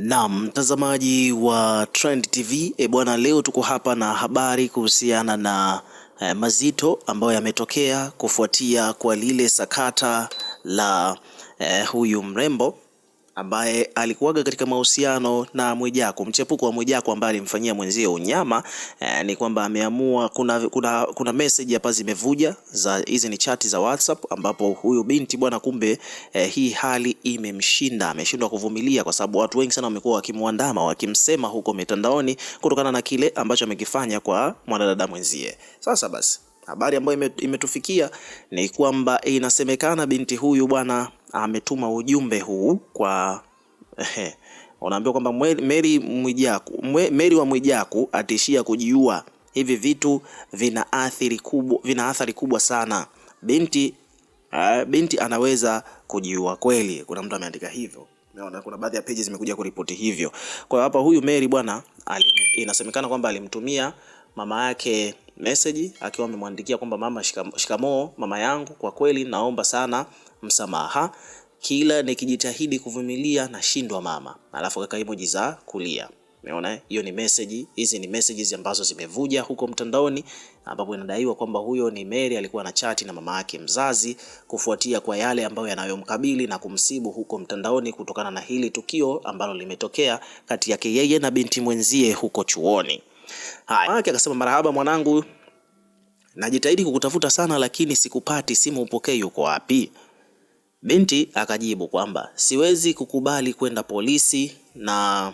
Na mtazamaji wa Trend TV, e bwana, leo tuko hapa na habari kuhusiana na eh, mazito ambayo yametokea kufuatia kwa lile sakata la eh, huyu mrembo ambaye alikuwaga katika mahusiano na Mwijaku, mchepuko wa Mwijaku ambaye alimfanyia mwenzie unyama eh, ni kwamba ameamua kuna, kuna, kuna message hapa zimevuja za hizi ni chati za WhatsApp ambapo huyu binti bwana, kumbe eh, hii hali imemshinda, ameshindwa kuvumilia, kwa sababu watu wengi sana wamekuwa wakimwandama wakimsema huko mitandaoni kutokana na kile ambacho amekifanya kwa mwanadada mwenzie. Sasa basi Habari ambayo imetufikia ni kwamba eh, inasemekana binti huyu bwana ametuma ujumbe huu kwa unaambiwa kwamba Mary Mwijaku, Mary wa Mwijaku atishia kujiua. Hivi vitu vina athari kubwa, vina athari kubwa sana. Binti uh, binti anaweza kujiua kweli. Kuna mtu ameandika hivyo. naona kuna baadhi ya pages zimekuja kuripoti hivyo. Kwa hiyo hapa huyu Mary bwana, inasemekana kwamba alimtumia mama yake message akiwa amemwandikia kwamba mama, shikamoo mama yangu, kwa kweli naomba sana msamaha, kila nikijitahidi kuvumilia nashindwa mama. Alafu kaka emoji za kulia. Umeona, hiyo ni message. Hizi ni messages ambazo zimevuja huko mtandaoni, ambapo inadaiwa kwamba huyo ni Mary alikuwa na chati na mama yake mzazi kufuatia kwa yale ambayo yanayomkabili na kumsibu huko mtandaoni kutokana na hili tukio ambalo limetokea kati yake yeye na binti mwenzie huko chuoni. Haya, wake akasema marahaba, mwanangu, najitahidi kukutafuta sana, lakini sikupati, simu upokei, yuko wapi? Binti akajibu kwamba siwezi kukubali kwenda polisi na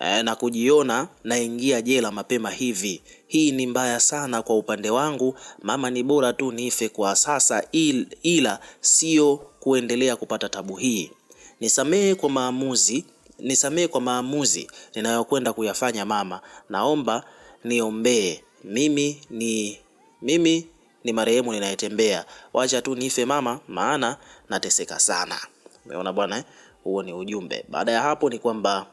eh, na kujiona naingia jela mapema hivi. Hii ni mbaya sana kwa upande wangu mama, ni bora tu nife kwa sasa, il, ila sio kuendelea kupata tabu hii. Nisamehe kwa maamuzi nisamehe kwa maamuzi ninayokwenda kuyafanya mama, naomba niombee. Mimi ni mimi ni marehemu ninayetembea, wacha tu nife mama, maana nateseka sana. Umeona bwana, eh? huo eh? ni ujumbe. Baada ya hapo ni kwamba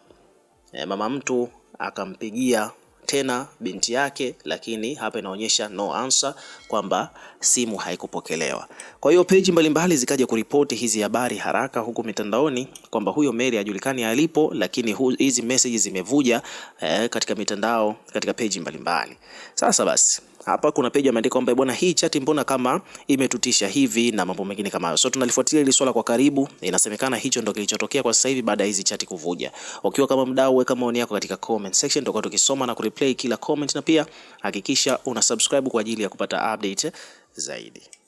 eh, mama mtu akampigia tena binti yake, lakini hapa inaonyesha no answer kwamba simu haikupokelewa. Kwa hiyo peji mbalimbali zikaja kuripoti hizi habari haraka huku mitandaoni kwamba huyo Mary hajulikani alipo, lakini hizi messages zimevuja eh, katika mitandao katika peji mbalimbali. Sasa basi hapa kuna peji ameandika kwamba bwana, hii chati mbona kama imetutisha hivi na mambo mengine kama hayo. So tunalifuatilia hili swala kwa karibu. Inasemekana hicho ndo kilichotokea kwa sasa hivi baada ya hizi chati kuvuja. Ukiwa kama mdau, weka maoni yako katika comment section, tutakuwa tukisoma na kureplay kila comment, na pia hakikisha una subscribe kwa ajili ya kupata update zaidi.